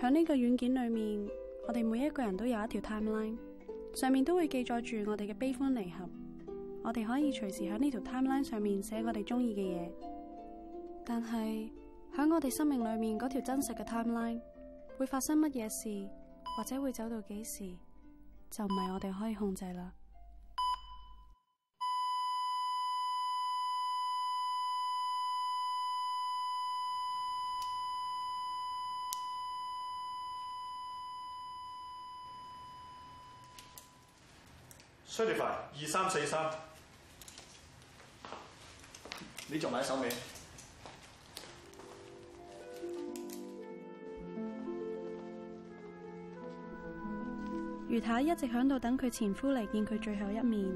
響呢個軟件裏面。我哋每一個人都有一條 timeline，上面都會記載住我哋嘅悲歡離合。我哋可以隨時喺呢條 timeline 上面寫我哋中意嘅嘢，但係喺我哋生命裏面嗰條真實嘅 timeline，會發生乜嘢事或者會走到幾時，就唔係我哋可以控制啦。崔力快，二三四三，四三你仲買手未？余太一直響度等佢前夫嚟見佢最後一面，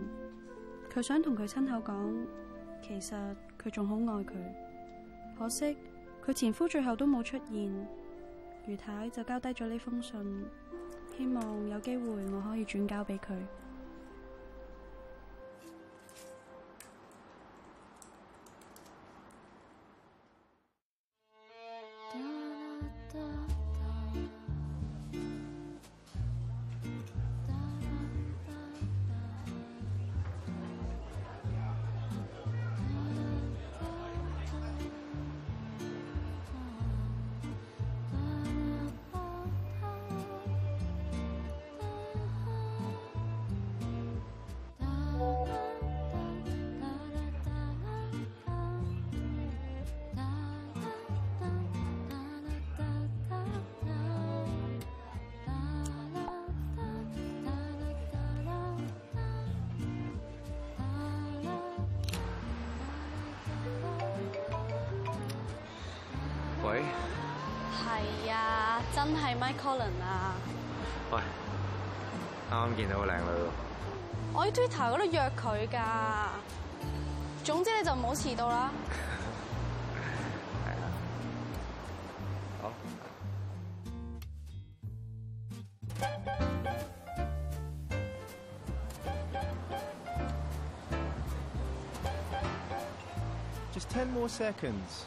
佢想同佢親口講，其實佢仲好愛佢。可惜佢前夫最後都冇出現，余太就交低咗呢封信，希望有機會我可以轉交俾佢。喂，係啊，真係 Michael 啊。喂，啱啱見到個靚女喎。我喺 Twitter 嗰度約佢噶。總之你就唔好遲到啦。好。Just ten more seconds.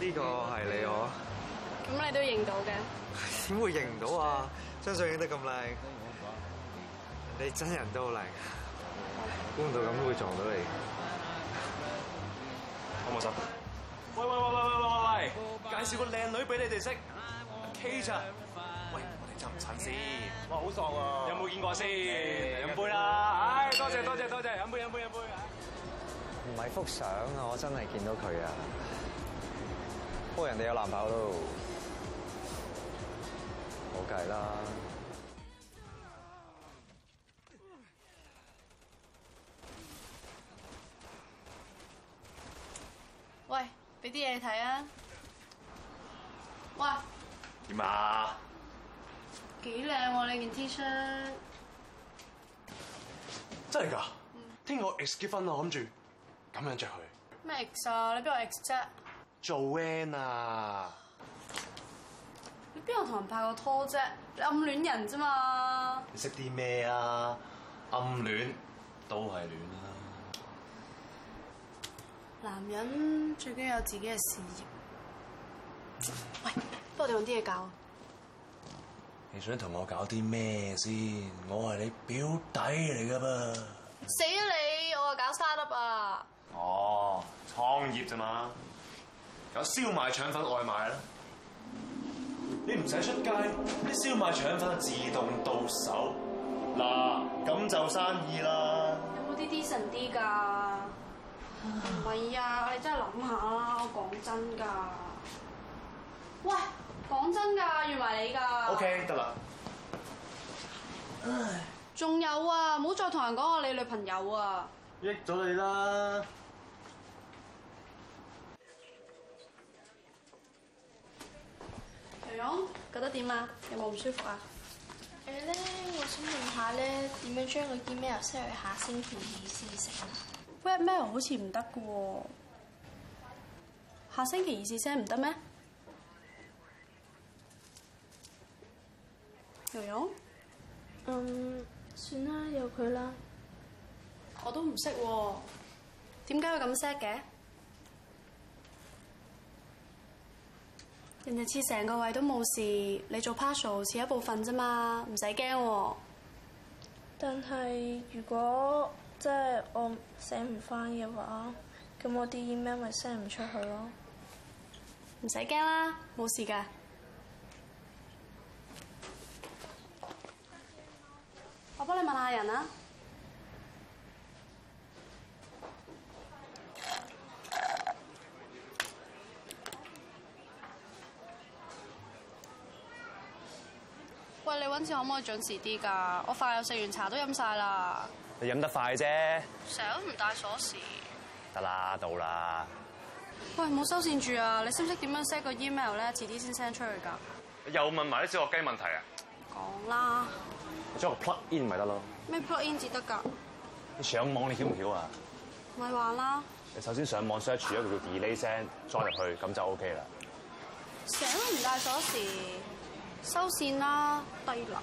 呢個係你哦，咁你都認到嘅？點會認唔到啊？張相影得咁靚，你真人都好靚啊，估唔到咁都會撞到你。好冇心！喂喂喂喂喂喂喂！介紹個靚女俾你哋識，K 姐。喂，喂我哋襯唔襯先。哇，好爽啊！有冇見過先？飲杯啦！唉、哎，多謝多謝多謝！飲杯飲杯飲杯！唔係幅相啊，我真係見到佢啊！不過人哋有男朋友咯，冇計啦。喂，俾啲嘢睇啊！喂，點啊？幾靚喎，你件 T 恤真的，真係噶？聽講 X 結婚啦，我諗住咁樣着佢。咩 X 啊？你邊個 X 啫？做 man 啊！你邊度有同人拍過拖啫？你暗戀人啫嘛？你識啲咩啊？暗戀都係戀啊。男人最緊要有自己嘅事業。喂，不過你揾啲嘢搞。你想同我搞啲咩先？我係你表弟嚟噶噃。死你！我話搞 startup 啊。哦，創業咋嘛？有燒賣腸粉外賣啦，你唔使出街，啲燒賣腸粉自動到手，嗱，咁就生意啦。有冇啲 decent 啲㗎？唔係啊，你真係諗下啦。我講真㗎。喂，講真㗎，預埋你㗎。OK，得啦。唉，仲有啊，唔好再同人講我係你女朋友啊。益咗你啦。蓉蓉，ung，覺得點啊？有冇唔舒服啊？誒咧、欸，我想問下咧，點樣將個 email set 去下星期二試聲？Webmail 好似唔得嘅喎，下星期二試聲唔得咩？蓉蓉，嗯，算啦，由佢啦。我都唔識喎，點解會咁 set 嘅？人哋切成個位都冇事，你做 parcel 切一部分啫嘛，唔使驚喎。但係如果即係、就是、我寫唔翻嘅話，咁我啲 email 咪 send 唔出去咯。唔使驚啦，冇事㗎。我幫你問下人啊。你揾錢可唔可以準時啲噶？我快又食完茶都飲晒啦。你飲得快啫。成唔帶鎖匙。得啦，到啦。喂，唔好收線住啊！你識唔識點樣 set 個 email 咧？遲啲先 send 出去噶。又問埋啲小學雞問題啊？講啦。裝個 plug in 咪得咯。咩 plug in 至得㗎？你上網你曉唔曉啊？咪話啦。你首先上網 search 住一個叫 delay send 裝入去，咁就 OK 啦。成唔帶鎖匙。收線啦，低樓。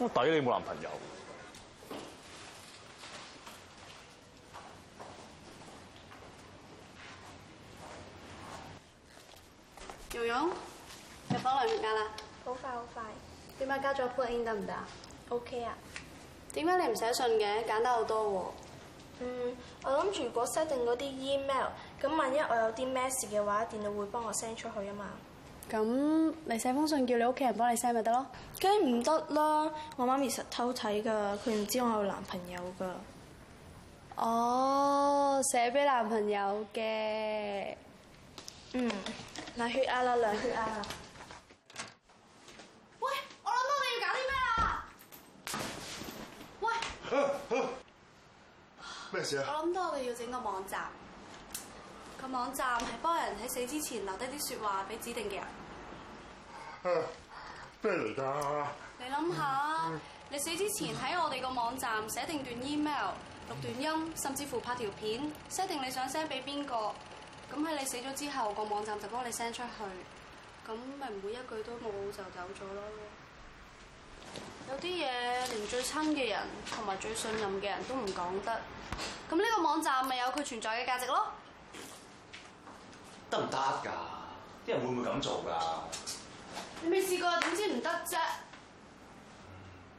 我抵你冇男朋友。楊楊，入到嚟間啦，好快好快。快了，點解加咗 pull in 得唔得啊？OK 啊。點解你唔寫信嘅？簡單好多喎。嗯，我諗住如果 set 定嗰啲 email，咁萬一我有啲咩事嘅話，電腦會幫我 send 出去啊嘛。咁你寫封信叫你屋企人幫你寫咪得咯？梗唔得啦！我媽咪實偷睇噶，佢唔知我有男朋友噶。哦，寫俾男朋友嘅。嗯，量血壓啦，量血壓啦。喂，我諗到，你要搞啲咩啊？喂。咩事啊？事我諗到，我哋要整個網站。個網站係幫人喺死之前留低啲説話俾指定嘅人。咩嚟㗎？你諗下，你死之前喺我哋個網站寫定一段 email、錄段音，甚至乎拍條片，set 定你想 send 俾邊個，咁喺你死咗之後，個網站就幫你 send 出去。咁咪每一句都冇就走咗咯。有啲嘢連最親嘅人同埋最信任嘅人都唔講得，咁呢個網站咪有佢存在嘅價值咯。得唔得噶？啲人會唔會咁做噶？你未試過點知唔得啫？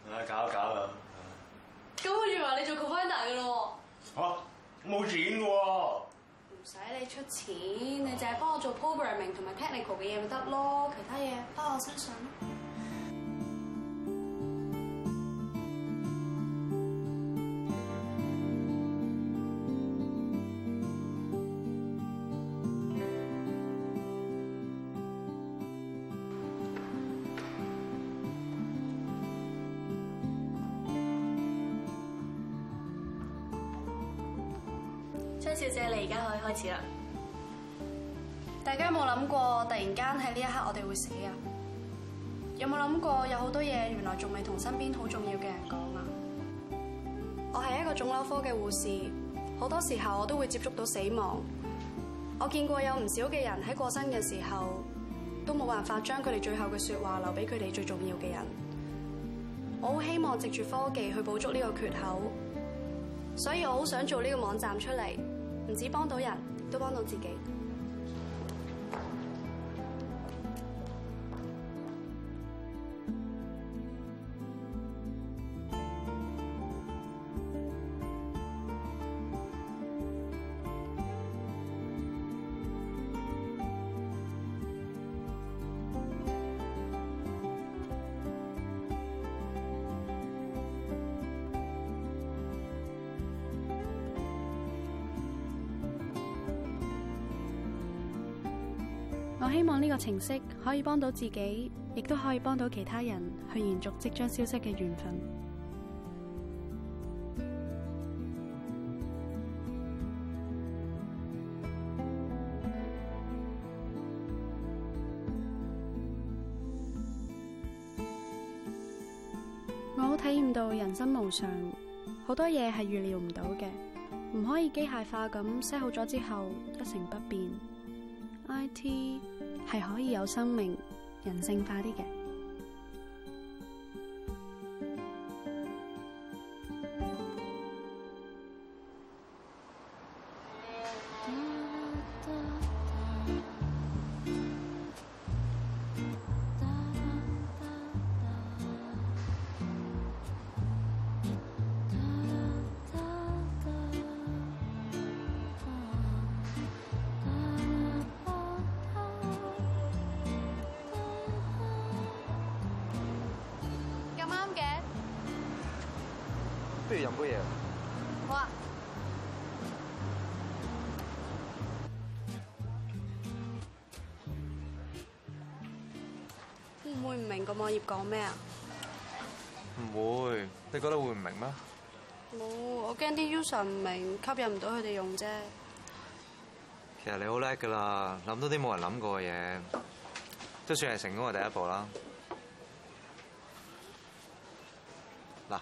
啊，搞一搞啦！咁我預埋你做 cofounder 嘅咯。嚇、啊，冇錢嘅喎、啊！唔使你出錢，你就係幫我做 programming 同埋 technical 嘅嘢咪得咯，其他嘢包我身上。小姐，你而家可以開始啦。大家有冇諗過，突然間喺呢一刻我哋會死啊？有冇諗過有好多嘢，原來仲未同身邊好重要嘅人講啊？我係一個腫瘤科嘅護士，好多時候我都會接觸到死亡。我見過有唔少嘅人喺過身嘅時候，都冇辦法將佢哋最後嘅說話留俾佢哋最重要嘅人。我好希望藉住科技去補足呢個缺口，所以我好想做呢個網站出嚟。唔止幫到人，都幫到自己。我希望呢個程式，可以幫到自己，亦都可以幫到其他人，去延續即將消失嘅緣分。 我好體驗到人生無常，好多嘢係預料唔到嘅，唔可以機械化咁 set 好咗之後一成不變。IT 係可以有生命、人性化啲嘅。會唔明個網頁講咩啊？唔會，你覺得會唔明咩？冇，我驚啲 user 唔明，吸引唔到佢哋用啫。其實你好叻㗎啦，諗到啲冇人諗過嘅嘢，都算係成功嘅第一步啦。嗱，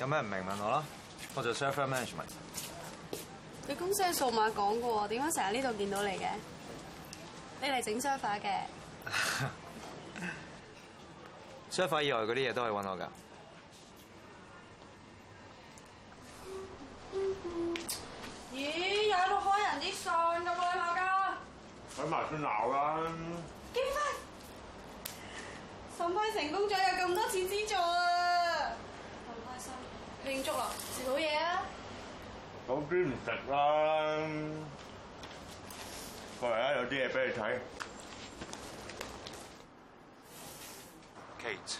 有咩唔明問我啦，我就 server management。你公司係數碼講嘅喎，點解成日呢度見到你嘅？你嚟整 server 嘅。 沙發以外嗰啲嘢都可以揾我㗎。咦，又有一個開人啲信嘅背後㗎？睇埋先鬧啦。結婚，審批成功咗，有咁多錢資助，好開心，慶祝啦！食好嘢啊！早知唔食啦？過嚟啊，有啲嘢俾你睇。Kate，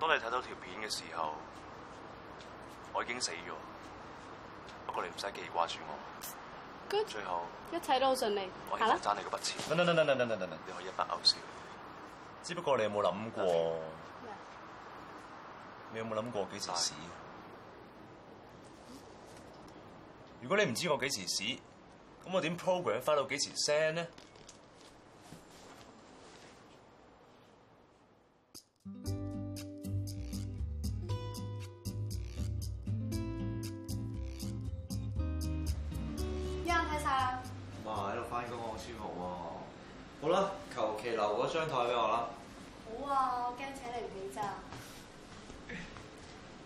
當你睇到條片嘅時候，我已經死咗。不過你唔使記掛住我。Good. 最後一切都好順利。好啦。我希望你嗰筆錢。等等等等等等等等，你可以一筆勾銷。只不過你有冇諗過？Nothing. 你有冇諗過幾時死？No. 如果你唔知我幾時死，咁我點 program 返到幾時 send 呢？啱睇晒啦！哇，喺度翻工好舒、啊、服好啦，求其留個張台俾我啦。好啊，我驚請你唔起咋。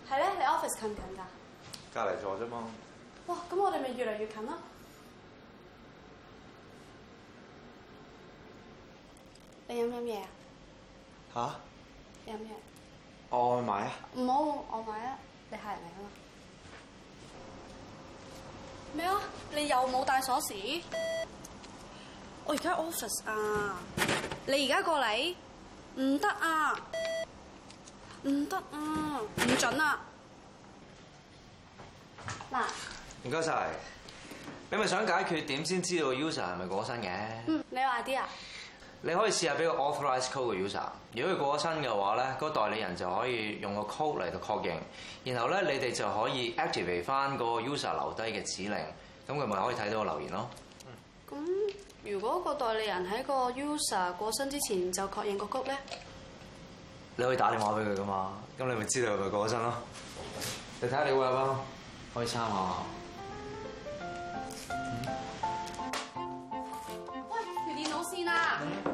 係咧，你 office 近唔近噶。隔籬坐啫嘛。哇，咁我哋咪越嚟越近啦。 你飲乜咩？啊？吓？有咩？我去買啊！唔好我買啊！你嚇人嚟啊！咩啊？你又冇帶鎖匙？我而家 office 啊！你而家過嚟唔得啊！唔得啊！唔準啊！嗱，唔該晒！你咪想解決點先知道 user 係咪過身嘅？嗯，你有啲啊！你可以試下俾個 authorize code 嘅 user，如果佢過咗身嘅話咧，嗰個代理人就可以用個 code 嚟到確認，然後咧你哋就可以 activate 翻個 user 留低嘅指令，咁佢咪可以睇到個留言咯。咁、嗯、如果嗰個代理人喺個 user 過身之前就確認個 code 咧？你可以打電話俾佢㗎嘛，咁你咪知道佢過咗身咯。嗯、看看你睇下你有阿媽開餐啊！嗯、喂，條電腦先啊！嗯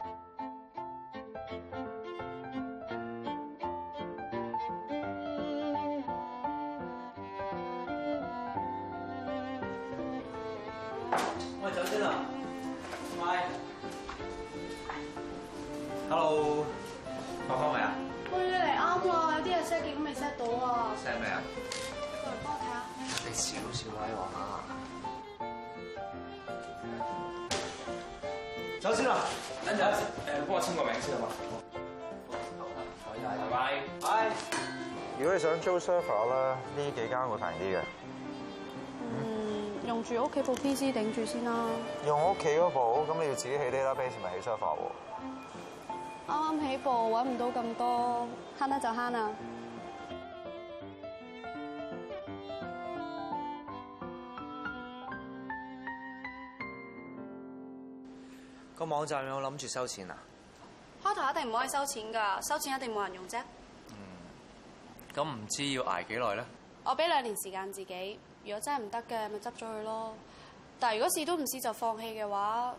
少威話下。首先啊等 n d y 幫我簽個名先好嗎？好，投拜彩拜拜，如果你想租 server 呢，呢幾間會平啲嘅。嗯，用住屋企部 PC 頂住先啦。用屋企嗰部，咁你要自己起 database，咪起 server 喎。啱啱起步，揾唔到咁多，慳得就慳啊。個網站有諗住收錢啊？開頭一定唔可以收錢㗎，收錢一定冇人用啫。嗯，咁唔知要挨幾耐咧？我俾兩年時間自己。如果真係唔得嘅，咪執咗佢咯。但係如果試都唔試就放棄嘅話，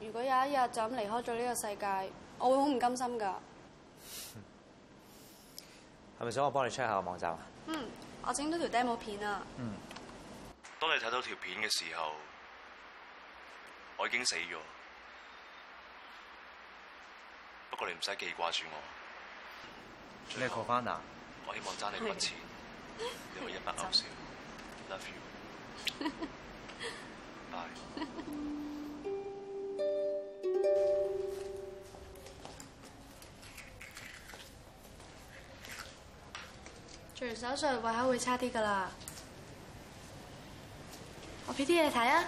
如果有一日就咁離開咗呢個世界，我會好唔甘心㗎。係咪想我幫你 check 下個網站啊？嗯，我整到條 demo 片啊。嗯，當你睇到條片嘅時候，我已經死咗。不過你唔使記掛住我。你過翻啊！我希望爭你個錢，的你一百分笑 Love you。Bye。做完手術胃口會差啲㗎啦。我畀啲嘢你睇啊！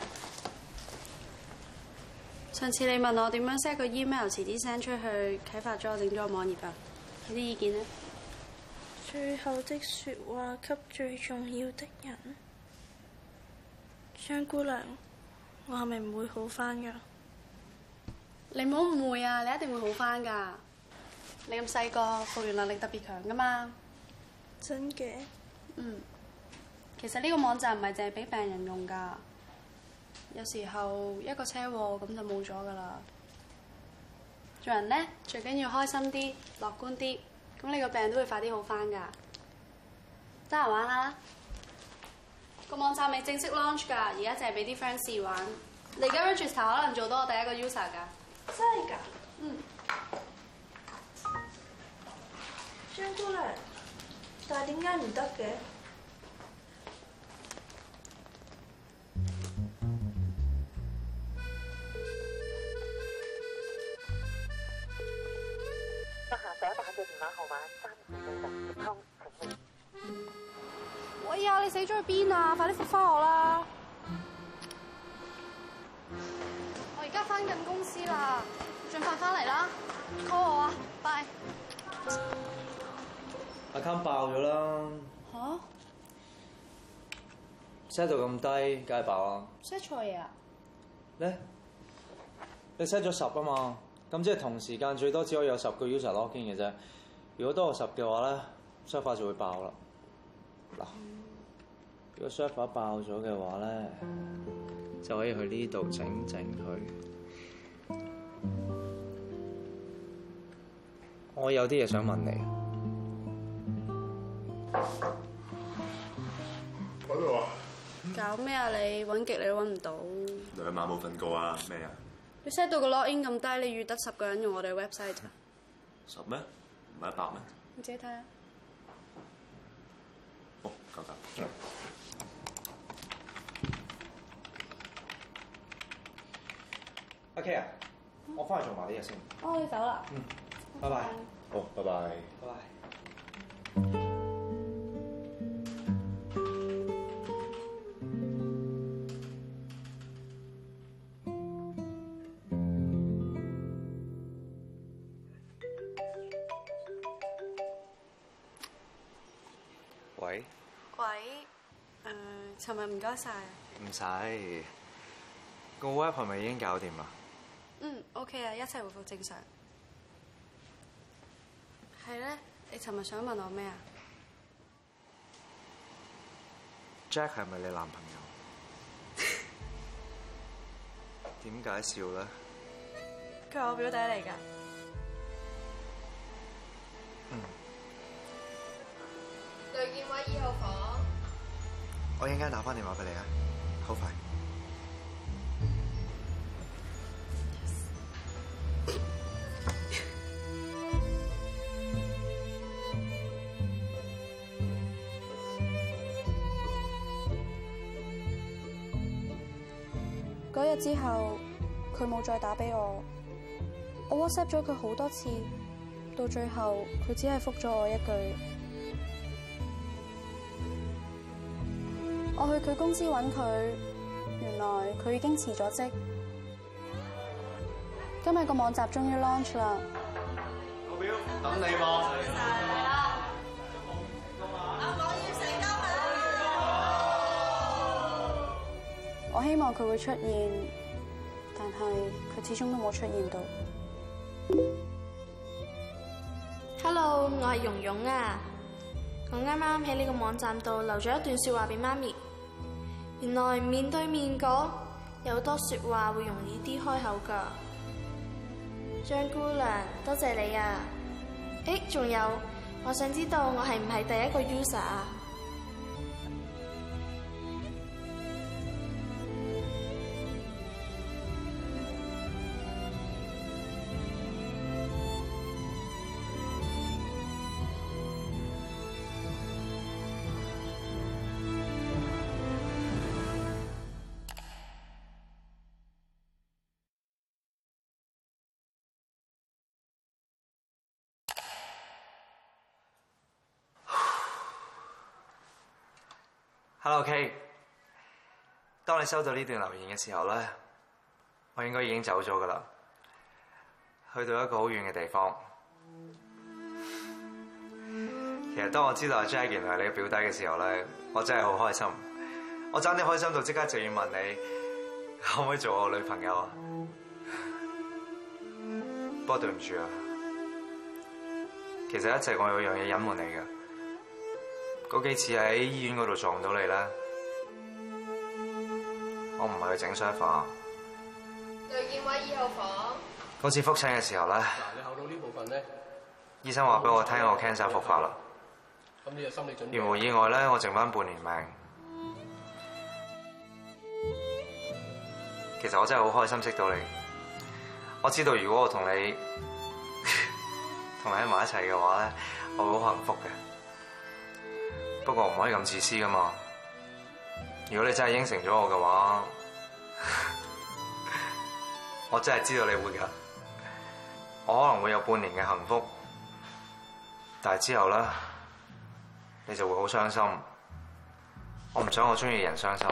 上次你問我點樣 set 個 email，遲啲 send 出去，啟發咗我整咗個網頁啊！有啲意見呢？最後的説話給最重要的人。張姑娘，我係咪唔會好返㗎？你唔好誤會啊！你一定會好返㗎。你咁細個，復原能力特別強㗎嘛。真嘅。嗯。其實呢個網站唔係淨係畀病人用㗎。有時候一個車禍咁就冇咗㗎啦。做人咧，最緊要開心啲、樂觀啲，咁你個病都會快啲好翻㗎。得閒玩啦。個網站未正式 launch 㗎，而家淨係俾啲 friend 試玩。你而家 register 可能做到我第一個 user 㗎。真係㗎？嗯。張姑娘，但係點解唔得嘅？第一打嘅電話號碼三二六六七零。喂啊！你死咗去邊啊？快啲復翻我啦！我而家翻緊公司啦，盡快翻嚟啦！call 我啊！bye account 爆咗啦！吓 set 到咁低，梗係爆啊 set 錯嘢啊？咧？你 set 咗十啊嘛？咁即係同時間最多只可以有十個 user login 嘅啫。如果多過十嘅話咧，server 就會爆啦。嗱，如果 server 爆咗嘅話咧，就可以去呢度整整佢。我有啲嘢想問你。搞咩啊？你揾極你都揾唔到。兩晚冇瞓過啊！咩啊？你 set 到個 login 咁低，你預得十個人用我哋 website 啊？十咩？唔係一百咩？你自己睇啊！哦，夠夠。嗯、OK 啊，我翻去做埋啲嘢先。哦，我要走啦。嗯。拜拜。好，拜拜。拜拜。拜拜。使、哎那個 web 咪已經搞掂啦？嗯，OK 啊，一切恢復正常。係咧，你尋日想問我咩啊？Jack 係咪你男朋友？點解笑咧？佢係我的表弟嚟㗎。嗯。雷建偉二號房。我一陣打返電話俾你啊！好快。嗰日 Yes. 之後佢冇再打畀我，我 WhatsApp 咗佢好多次，到最後佢只係覆咗我一句。我去佢公司揾佢，原來佢已經辭咗職。今日個網站終於 launch 啦！老表，等你嘛！係啊！要成功嘛！我希望佢會出現，但係佢始終都冇出現到。Hello，我係蓉蓉啊！我啱啱喺呢個網站度留咗一段說話俾媽咪。原來面對面講有多說話會容易啲開口噶，張姑娘多謝你啊！誒，仲有，我想知道我係唔係第一個 user 啊？Hello，K。Hello，當你收到呢段留言嘅時候咧，我應該已經走咗噶啦，去到一個好遠嘅地方。其實當我知道阿 Jackie 原來係你嘅表弟嘅時候咧，我真係好開心，我爭啲開心到即刻就要問你可唔可以做我女朋友啊？對不過對唔住啊，其實一直我有樣嘢隱瞞你㗎。嗰幾次喺醫院嗰度撞到你啦。我唔係去整梳房，對建偉二號房。嗰次復診嘅時候咧，你後到呢部分呢，醫生話俾我聽，我 cancer 復發啦。咁你有心理準備。無意外咧，我剩翻半年命。 其實我真係好開心識到你。我知道如果我同你同 你喺埋一齊嘅話咧，我會好幸福嘅。不過唔可以咁自私㗎嘛！如果你真係應承咗我嘅話，我真係知道你會嘅。我可能會有半年嘅幸福，但係之後咧，你就會好傷心。我唔想我中意嘅人傷心。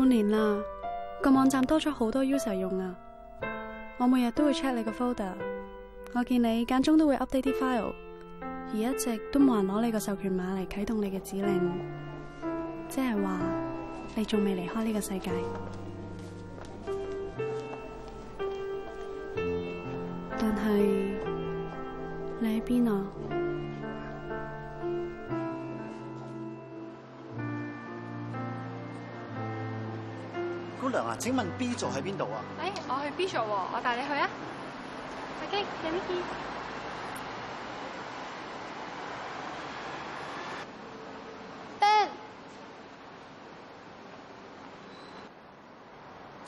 半年啦，個網站多咗好多 user 用啊！我每日都會 check 你個 folder，我見你間中都會 update 啲 file，而一直都冇人攞你個授權碼嚟啟動你嘅指令，即係話你仲未離開呢個世界。但係你喺邊啊？請問 B 座喺邊度啊？誒，我去 B 座喎，我帶你去啊，阿、OK，經，有咩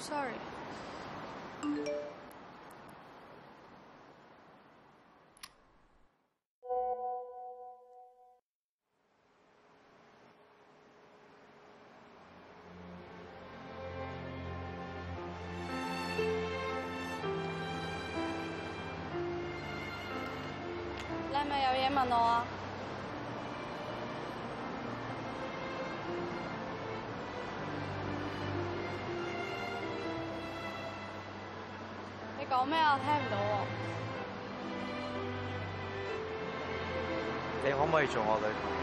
事？Ben，sorry。Sorry. 你問我，你講咩啊？我聽唔到。你可唔可以做我女朋友？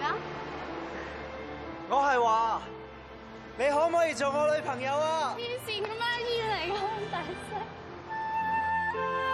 咩啊？我係話，你可唔可以做我女朋友啊？黐線嘅咩嘢嚟嘅？大聲！